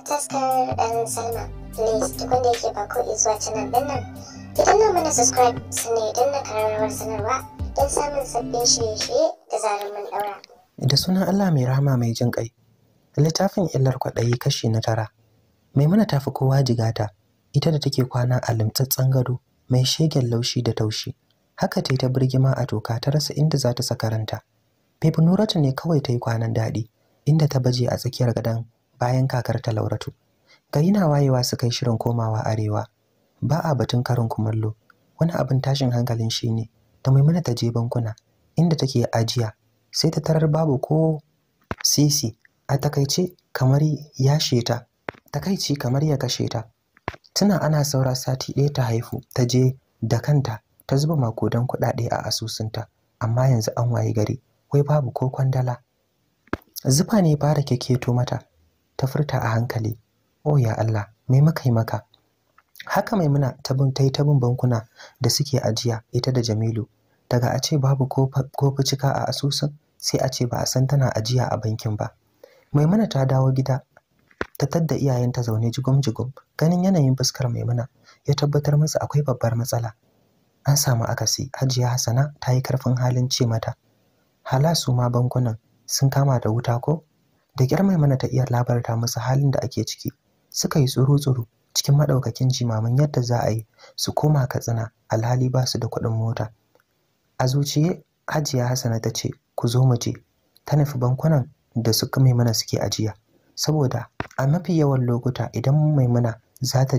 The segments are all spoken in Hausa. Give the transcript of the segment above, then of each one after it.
da taskar ɗan salma please duk wanda yake ba ko zuwa canal nan subscribe sannan idan kararrawar sanarwa don samun sabbin shirye-shirye da zarar mun ɗaura. da sunan allah mai rahama mai jin ƙai littafin illar kwaɗayi kashi na tara maimuna ta fi kowa jigata ita da take kwana a limtsatsen gado mai shegen laushi da taushi haka ta yi ta birgima a toka ta rasa inda za ta saka ranta Baby Nuratu ne kawai ta yi kwanan daɗi, inda ta baje a tsakiyar gadon bayan kakar ta Lauratu. Gari na wayewa su kai shirin komawa arewa. Ba a batun karin kumallo. Wani abin tashin hankalin shi ne ta maimuna ta je bankuna inda take ajiya sai ta tarar babu ko sisi a takaice kamar ya sheta takaici kamar ya kashe ta tuna ana saura sati ɗaya ta haifu ta je da kanta ta zuba makudan kuɗaɗe a asusunta amma yanzu an waye gari wai babu ko kwandala zufa ne fara keketo mata ta furta a hankali oh ya Allah me muka yi maka haka maimuna ta bin tai ta bin bankuna da suke ajiya ita da jamilu daga a ce babu kofi cika a asusun sai a ce ba a san tana ajiya a bankin ba maimuna ta dawo gida ta tadda iyayenta zaune jigum-jigum ganin yanayin fuskar maimuna ya tabbatar musu akwai babbar matsala an samu akasi hajiya hasana ta yi karfin halin ce mata hala su ma bankunan sun kama da wuta ko da kyar maimuna ta iya labarta musu halin da ake ciki suka yi tsuru-tsuru cikin madaukakin jimamin yadda za a yi su koma katsina alhali ba su da kuɗin mota a zuciye hajiya hassana ta ce ku zo mu je ta nufi bankunan da suka maimuna suke ajiya saboda a mafi yawan lokuta idan maimuna za ta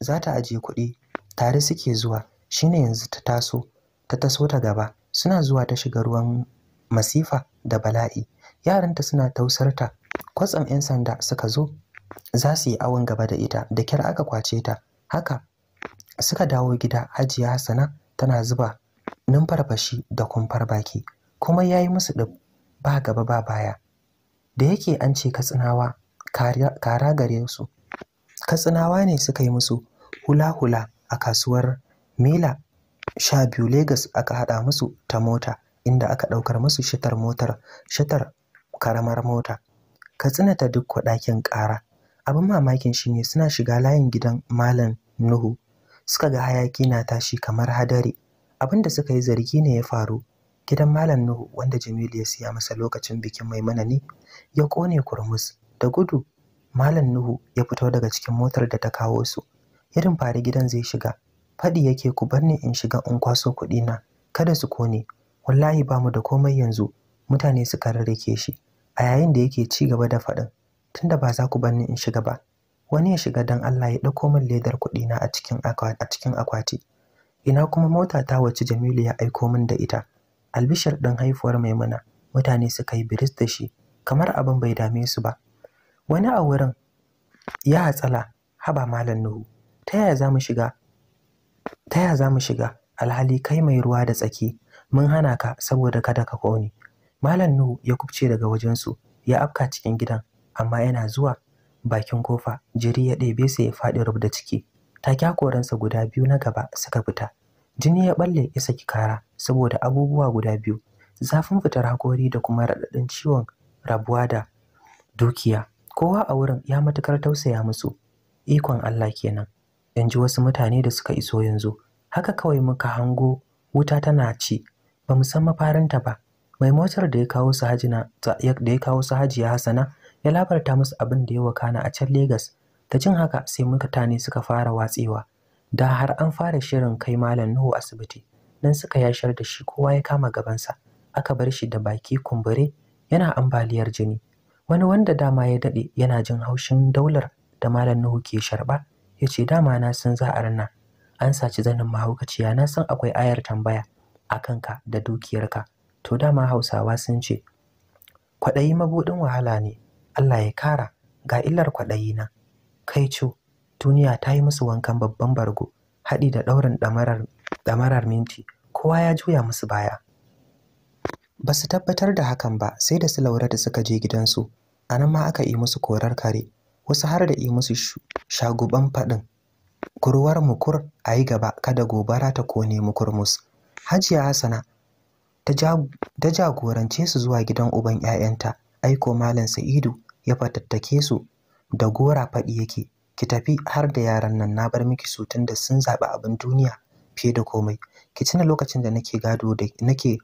za ta ajiye kuɗi tare suke zuwa shine yanzu ta taso ta taso ta gaba suna zuwa ta shiga ruwan masifa da bala'i yaranta suna tausarta kwatsam 'yan sanda suka zo za su yi awon gaba da ita da kyar aka kwace ta haka suka dawo gida hajiya hassana tana zuba numfarfashi da kumfar baki kuma ya yi musu ɗin ba gaba ba baya da yake an ce katsinawa kara gare su katsinawa ne suka yi musu hula-hula a kasuwar mila sha biyu Legas aka haɗa musu ta mota inda aka ɗaukar musu shatar motar shatar karamar mota katsina ta duk ɗakin ƙara abin mamakin shine suna shiga layin gidan malam nuhu suka ga hayaki na tashi kamar hadari abin da suka yi zargi ne ya faru gidan malam nuhu wanda jamilu ya siya masa lokacin bikin mana ne ya kone kurmus da gudu malam nuhu ya fito daga cikin motar da ta kawo su irin fari gidan zai shiga faɗi yake ku bar ni in shiga in kwaso kuɗi na kada su kone wallahi bamu da komai yanzu mutane suka rarrake shi a yayin da yake ci gaba da faɗin tunda ba za ku bar ni in shiga ba wani ya shiga don Allah ya ɗauko min ledar kuɗina a cikin a cikin akwati ina kuma mota ta wacce Jamilu ya aiko min da ita Albishar ɗin haifuwar Maimuna mutane suka yi biris da shi kamar abin bai dame su ba wani a wurin ya hatsala haba malam Nuhu ta yaya za shiga ta yaya za mu shiga alhali kai mai ruwa da tsaki mun hana ka saboda kada ka kone Malam Nuhu ya kubce daga wajensu ya afka cikin gidan amma yana zuwa bakin kofa jiri ya ɗebe sa ya faɗi da ciki. Take hakoransa guda biyu na gaba suka fita. Jini ya balle ya saki kara saboda abubuwa guda biyu zafin fitar hakori da kuma raɗaɗin ciwon rabuwa da dukiya. Kowa a wurin ya matukar tausaya musu. Ikon Allah kenan. In ji wasu mutane da suka iso yanzu. Haka kawai muka hango wuta tana ci ba mu san mafarinta ba mai motar da ya kawo su hajina da ya kawo su hajiya hasana ya labarta musu abin da ya wakana a can Legas ta cin haka sai mutane suka fara watsewa da har an fara shirin kai malam Nuhu asibiti nan suka yashar da shi kowa ya kama gabansa aka bar shi da baki kumbure yana ambaliyar jini wani wanda dama ya daɗe yana jin haushin daular da malam Nuhu ke sharba ya ce dama na san za a rana an saci zanin mahaukaciya na san akwai ayar tambaya a kanka da dukiyarka to dama hausawa sun ce kwaɗayi mabuɗin wahala ne allah ya kara ga illar kwaɗayi na kai co duniya ta yi musu wankan babban bargo haɗi da ɗaurin ɗamarar minti kowa ya juya musu baya ba su tabbatar da hakan ba sai da su laura da suka je gidansu a nan ma aka yi musu korar kare wasu har da yi musu shaguban faɗin kurwar mukur a yi gaba kada gobara ta kone mukurmus hajiya hasana ta jagorance su zuwa gidan uban 'ya'yanta aiko malam sa'idu ya fatattake su da gora faɗi yake ki tafi har da yaran nan na bar miki su da sun zaɓi abin duniya fiye da komai ki tuna lokacin da nake gado da nake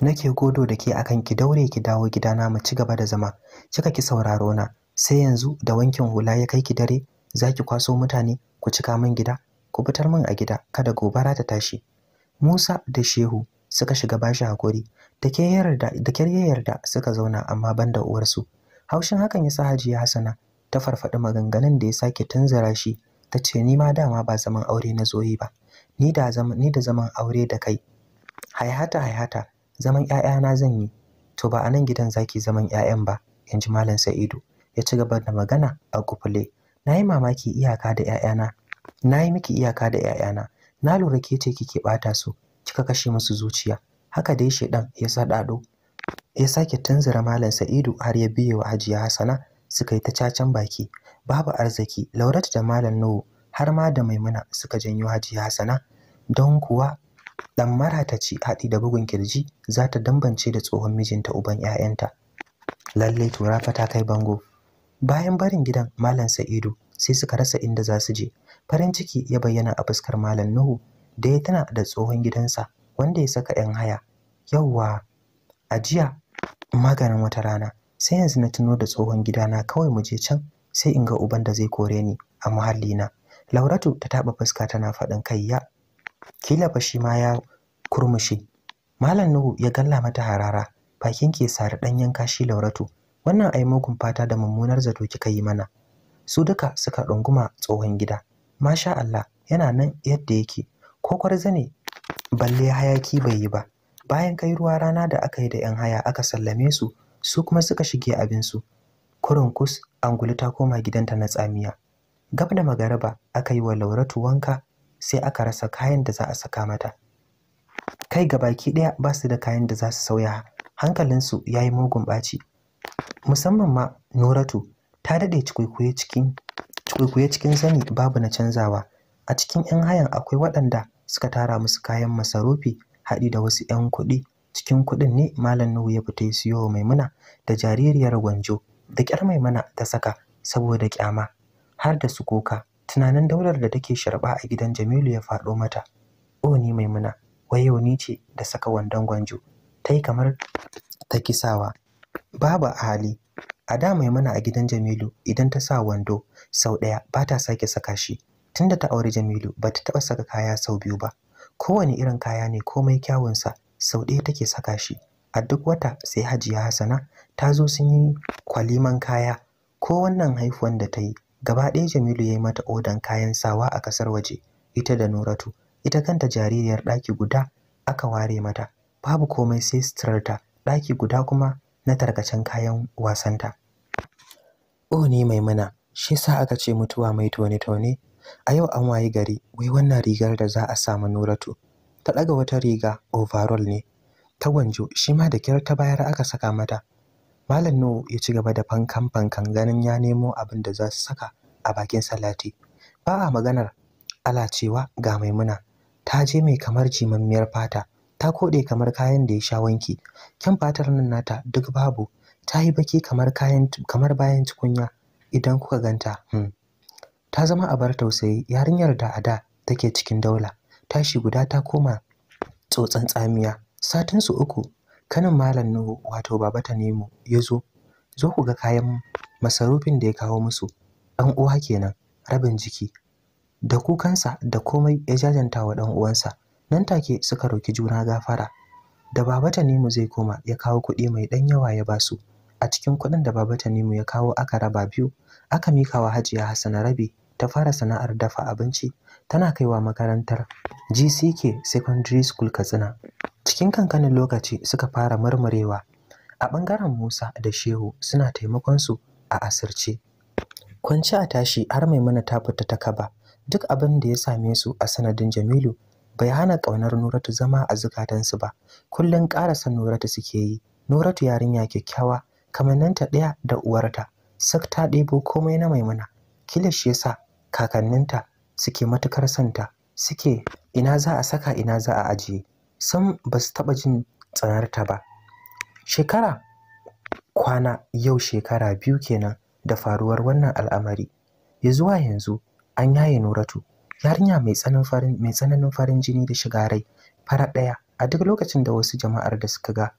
nake godo da ke akan ki daure ki dawo gidana mu ci gaba da zama cika ki sauraro na sai yanzu da wankin hula ya kai ki dare za ki kwaso mutane ku cika min gida ku fitar min a gida kada gobara ta tashi Musa da Shehu suka shiga bashi hakuri da ke ya yarda suka zauna amma banda uwarsu haushin hakan ya sa hajiya hasana ta farfaɗi maganganun da ya sake tunzura shi ta ce ni ma dama ba zaman aure na zoyi ba ni da zaman aure da kai haihata haihata zaman 'ya'yana zan yi to ba a nan gidan zaki zaman 'ya'yan ba in ji malam sa'idu ya ci gaba da magana a kufule na yi mamaki iyaka da 'ya'yana na yi miki iyaka da 'ya'yana na lura ke ce kike bata su kika kashe musu zuciya haka dai shedan ya sadado ya sake tunzura malam Sa'idu har ya biye wa Hajiya Hassana suka yi ta cacan baki babu arziki Laurat da malam Nuhu har ma da Maimuna suka janyo Hajiya Hassana don kuwa dan marata ci haɗi da bugun kirji za ta dambance da tsohon mijinta uban 'ya'yanta lalle to rafa ta kai bango bayan barin gidan malam Sa'idu sai suka rasa inda za su je farin ciki ya bayyana a fuskar malam Nuhu da ya tana da tsohon gidansa wanda ya saka 'yan haya yauwa a jiya maganin wata rana sai yanzu na tuno da tsohon gida na kawai mu je can sai in ga uban da zai kore ni a muhallina lauratu ta taɓa fuska tana faɗin kai ya kila ba shi ma ya kurmushe malam nuhu ya galla mata harara bakin ke sare ɗanyen kashi lauratu wannan ai mugun fata da mummunar zato kika yi mana su duka suka ɗunguma tsohon gida masha Allah yana nan yadda yake ko zane balle hayaki bai yi ba bayan kai ruwa rana da aka yi da yan haya aka sallame su su kuma suka shige abinsu kurin kus angulu ta koma gidanta na tsamiya gab da magaraba aka yi wa lauratu wanka sai aka rasa kayan da za a saka mata kai ga baki ɗaya ba su da kayan da za su sauya hankalinsu ya yi mugun ɓaci musamman ma noratu ta daɗe cikwaikwaye cikin zani babu na canzawa a cikin 'yan hayan akwai waɗanda suka tara musu kayan masarufi haɗi da wasu 'yan kuɗi cikin kuɗin ne malam nuhu ya fita siyo wa maimuna da jaririyar gwanjo da ƙyar maimuna ta saka saboda ƙyama har da su koka, tunanin daular da take sharɓa a gidan jamilu ya faɗo mata o ni maimuna wayo ni ce da saka wandon gwanjo ta yi kamar ta kisawa babu hali a da maimuna a gidan jamilu idan ta sa wando sau ɗaya ba ta sake saka shi tunda ta auri Jamilu bata ta taɓa saka kaya sau biyu ba kowane irin kaya ne komai kyawunsa sau ɗaya take saka shi a duk wata sai Hajiya Hassana ta zo sun yi kwaliman kaya ko wannan haifuwan da ta yi gaba ɗaya Jamilu ya yi mata odan kayan sawa a ƙasar waje ita da noratu. ita kanta jaririyar ɗaki guda aka ware mata babu komai sai suturarta ɗaki guda kuma na tarkacen kayan wasanta. O oh, ne mai mana, shi sa aka ce mutuwa mai tone-tone a yau an wayi gari wai wannan rigar da za a samu nuratu ta ɗaga wata riga overall ne ta gwanjo shi ma da kyar ta bayar aka saka mata malam nuhu ya ci gaba da fankan fankan ganin ya nemo abin da za su saka a bakin salati ba a maganar ala cewa ga maimuna ta je mai kamar jimammiyar fata ta koɗe kamar kayan da ya sha wanki kyan fatar nan nata duk babu ta yi baki kamar bayan tukunya idan kuka ganta hmm. ta zama a bar tausayi yarinyar da a da take cikin daula tashi guda ta koma tsotsan tsamiya satin su uku kanin malam nuhu wato baba ta nemo ya zo zo ku ga kayan masarufin da ya kawo musu ɗan uwa kenan rabin jiki da kukansa da komai ya jajanta wa ɗan uwansa nan take suka roki juna gafara da baba ta nemo zai koma ya kawo kuɗi mai ɗan yawa ya ba su, a cikin kuɗin da baba ta nemo ya kawo aka raba biyu aka mika wa hajiya hassana rabi ta fara sana'ar dafa abinci tana kaiwa makarantar GCK Secondary School Katsina. Cikin kankanin lokaci suka fara murmurewa. A ɓangaren Musa da Shehu suna taimakonsu a asirce. Kwanci a tashi har Maimuna ta fita ta kaba. Duk abin da ya same su a sanadin Jamilu bai hana ƙaunar Nuratu zama a zukatansu ba. Kullum ƙarasa Nuratu suke yi. Nuratu yarinya kyakkyawa, kamanninta ɗaya da uwarta. Sak ta ɗebo komai na Maimuna. Kilish ya sa kakanninta suke matukar santa suke ina za a saka ina za a ajiye sam ba su taɓa jin tsanarta ba shekara kwana yau shekara biyu kenan da faruwar wannan al'amari ya zuwa yanzu an yaye nuratu yarinya mai tsananin farin jini da shiga rai fara ɗaya a duk lokacin da wasu jama'ar da suka ga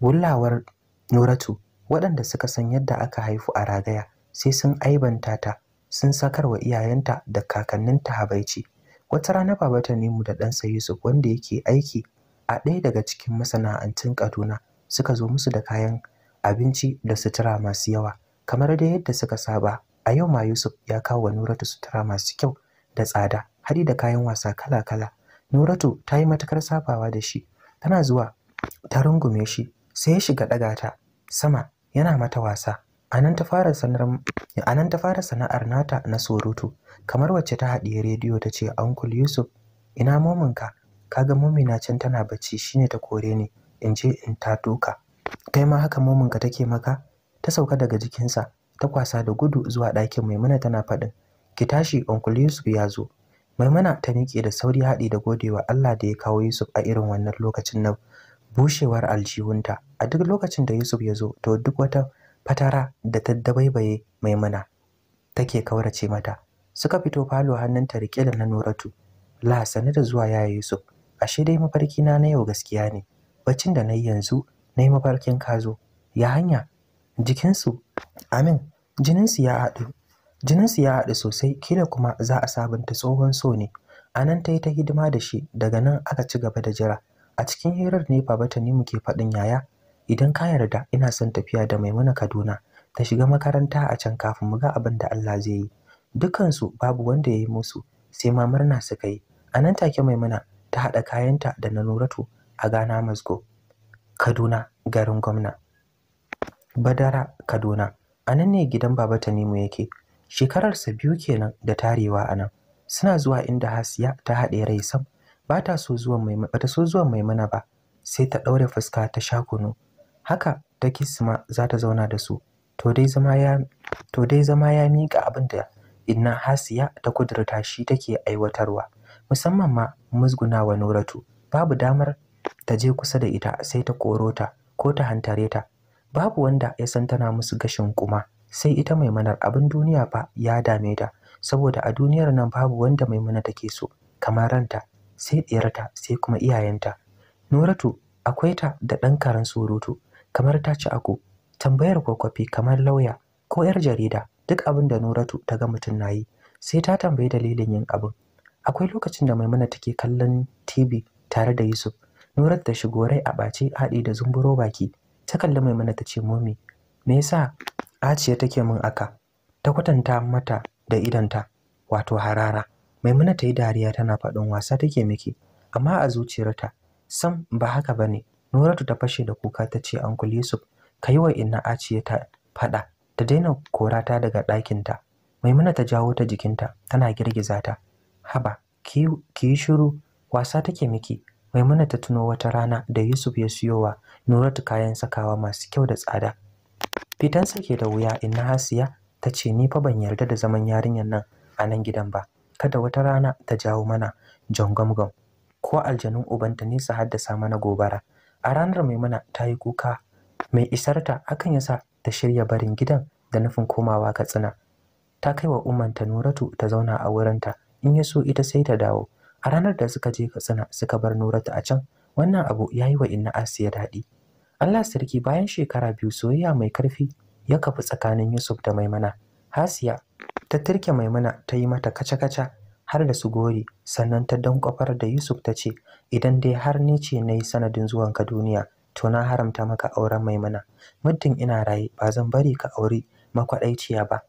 wulawar nuratu waɗanda suka san yadda aka haifu a ragaya sai sun aibanta ta sun sakarwa iyayenta da kakanninta habaici wata rana baba ta nemu da ɗansa Yusuf wanda yake aiki a ɗaya daga cikin masana'antun Kaduna suka zo musu da kayan abinci da sutura masu yawa kamar dai yadda suka saba a yau ma Yusuf ya kawo wa Nuratu sutura masu kyau da tsada hari da kayan wasa kala-kala Nuratu ta yi matukar sabawa da shi tana zuwa ta rungume shi sai ya shiga ɗaga ta sama yana mata wasa A nan ta fara sana'ar nata na surutu, kamar wacce ta haɗiye rediyo ta ce, Uncle Yusuf, ina mominka? Kaga momina can tana bacci shine ta kore ne, in je in ta duka." Kai ma haka mominka take maka? Ta sauka daga jikinsa, ta kwasa da gudu zuwa ɗakin Maimuna tana faɗin, Ki tashi, Uncle Yusuf ya zo. Maimuna ta miƙe da sauri haɗi da godewa Allah da ya kawo Yusuf a irin wannan lokacin na bushewar aljihunta. A duk lokacin da Yusuf ya zo, to duk wata fatara da ta dabaibaye maimuna take kaurace mata suka fito falo hannunta rike da na Nuratu la sane da zuwa yaya Yusuf ashe dai mafarki na na yau gaskiya ne baccin da nayi yanzu nayi mafarkin kazo ya hanya jikinsu amin jininsu ya haɗu jininsu ya haɗu sosai kila kuma za a sabunta tsohon so ne a nan ta yi ta hidima da shi daga nan aka ci gaba da jira a cikin hirar ne baba ne muke faɗin yaya idan ka yarda ina son tafiya da Maimuna Kaduna ta shiga makaranta a can kafin mu ga abin da Allah zai yi dukansu babu wanda ya yi musu sai ma murna suka yi a nan take Maimuna ta haɗa kayanta da na Nuratu a Ghana Masgo Kaduna garin gwamna Badara Kaduna anan ne gidan Baba Tanimu yake shekararsa biyu kenan da tarewa a nan suna zuwa inda Hasiya ta haɗe rai sam ba ta so zuwan Maimuna ba sai ta ɗaure fuska ta sha kunu haka ta kisma za ta zauna da su to dai zama ya mika miƙa abin da inna hasiya ta kudurta shi take aiwatarwa musamman ma wa Nuratu babu damar ta je kusa da ita sai ta korota ko ta hantare ta babu wanda ya san tana musu gashin kuma sai ita maimunar abin duniya fa ya dame ta saboda a duniyar nan babu wanda maimuna take so kamar ranta sai ɗiyarta sai kuma iyayenta Nuratu akwai ta da ɗan karen surutu kamar ta ci ako tambayar kwakwafi kamar lauya ko 'yar jarida duk abin da Nuratu ta ga mutum na yi sai ta tambayi dalilin yin abin akwai lokacin da Maimuna take kallon TV tare da Yusuf Nuratu ta shigo rai a ɓace haɗi da zumburo baki ta kalli Maimuna ta ce momi me yasa aciya take min aka ta kwatanta mata da idanta wato harara Maimuna ta yi dariya tana faɗin wasa take miki amma a zuciyarta sam ba haka bane Noratu ta fashe da kuka ta ce Uncle Yusuf ka yi wa inna Aciye ta faɗa ta daina korata daga ɗakinta. Maimuna ta jawo ta jikinta tana girgiza ta. Haba, ki yi shiru wasa take miki. Maimuna ta tuno wata rana da Yusuf ya siyo wa Noratu kayan sakawa masu kyau da tsada. Fitan sake da wuya inna Hasiya ta ce ni fa ban yarda da zaman yarinyar nan a nan gidan ba. Kada wata rana ta jawo mana jangwamgwam ko aljanun ubanta ne su haddasa mana gobara. a ranar maimuna ta yi kuka mai isarta akan yasa ta shirya barin gidan da nufin komawa katsina ta kai wa umanta nuratu ta zauna a wurinta in ya so ita sai ta dawo a ranar da suka je katsina suka bar nuratu a can wannan abu ya yi wa inna asiya daɗi allah sarki bayan shekara biyu soyayya mai karfi ya kafu tsakanin yusuf da maimuna hasiya ta turke maimuna ta yi mata kaca-kaca har da su gori sannan ta don da yusuf ta ce idan dai har ni ce na yi sanadin zuwanka duniya to na haramta maka auren maimuna muddin ina raye ba zan bari ka auri makwaɗaiciya ba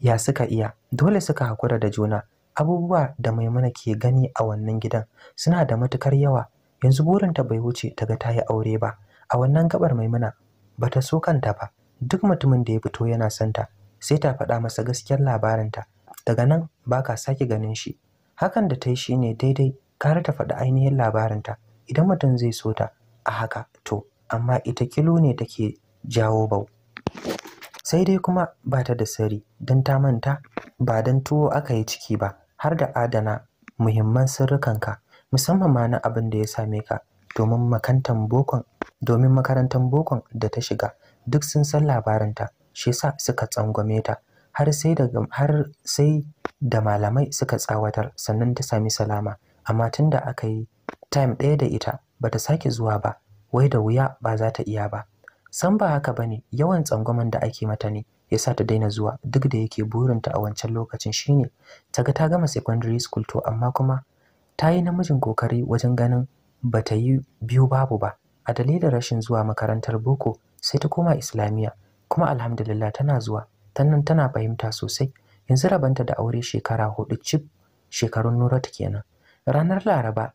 ya suka iya dole suka hakura da juna abubuwa da maimuna ke gani a wannan gidan suna da matukar yawa yanzu burinta bai wuce daga ga ta yi aure ba a wannan gabar maimuna ba ta so kanta ba duk mutumin da ya fito yana santa sai ta faɗa masa gaskiyar labarinta daga nan ba ka sake ganin shi hakan da ta yi shine daidai gara ta faɗi ainihin labarinta idan mutum zai so ta a haka to amma ita kilo ne take jawo bau sai dai kuma ba ta da sari don ta manta ba don tuwo aka yi ciki ba har da adana muhimman sirrikanka musamman ma na abin da ya same ka domin makarantar bokon da ta shiga duk sun san labarinta shi sa suka tsangwame ta har sai da malamai suka tsawatar sannan ta sami salama amma tun da aka yi time ɗaya da ita bata sake zuwa ba wai da wuya ba za ta iya ba san ba haka bane yawan tsangwaman da ake mata ne ya sa ta daina zuwa duk da yake burinta a wancan lokacin shine ta ga ta gama secondary school to amma kuma ta yi namijin kokari wajen ganin bata yi biyu babu ba a dalilin rashin zuwa makarantar boko sai ta koma islamiyya kuma alhamdulillah tana zuwa tannan tana fahimta sosai yanzu rabanta da aure shekara hudu cif shekarun ta kenan ranar laraba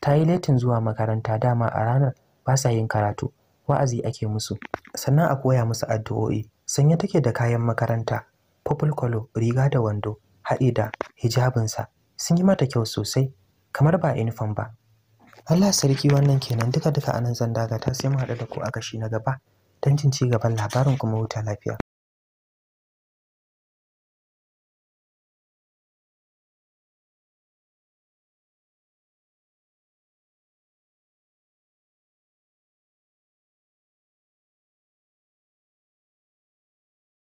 ta yi letin zuwa makaranta dama a ranar ba sa yin karatu wa'azi ake musu sannan a koya musu addu'o'i sanya take da kayan makaranta purple kwalo riga da wando haɗe da hijabinsa sun yi mata kyau sosai kamar ba inifom ba Allah sarki wannan kenan duka duka anan zan dagata sai mu haɗu da ku a kashi na gaba don jin ci gaban labarin kuma wuta lafiya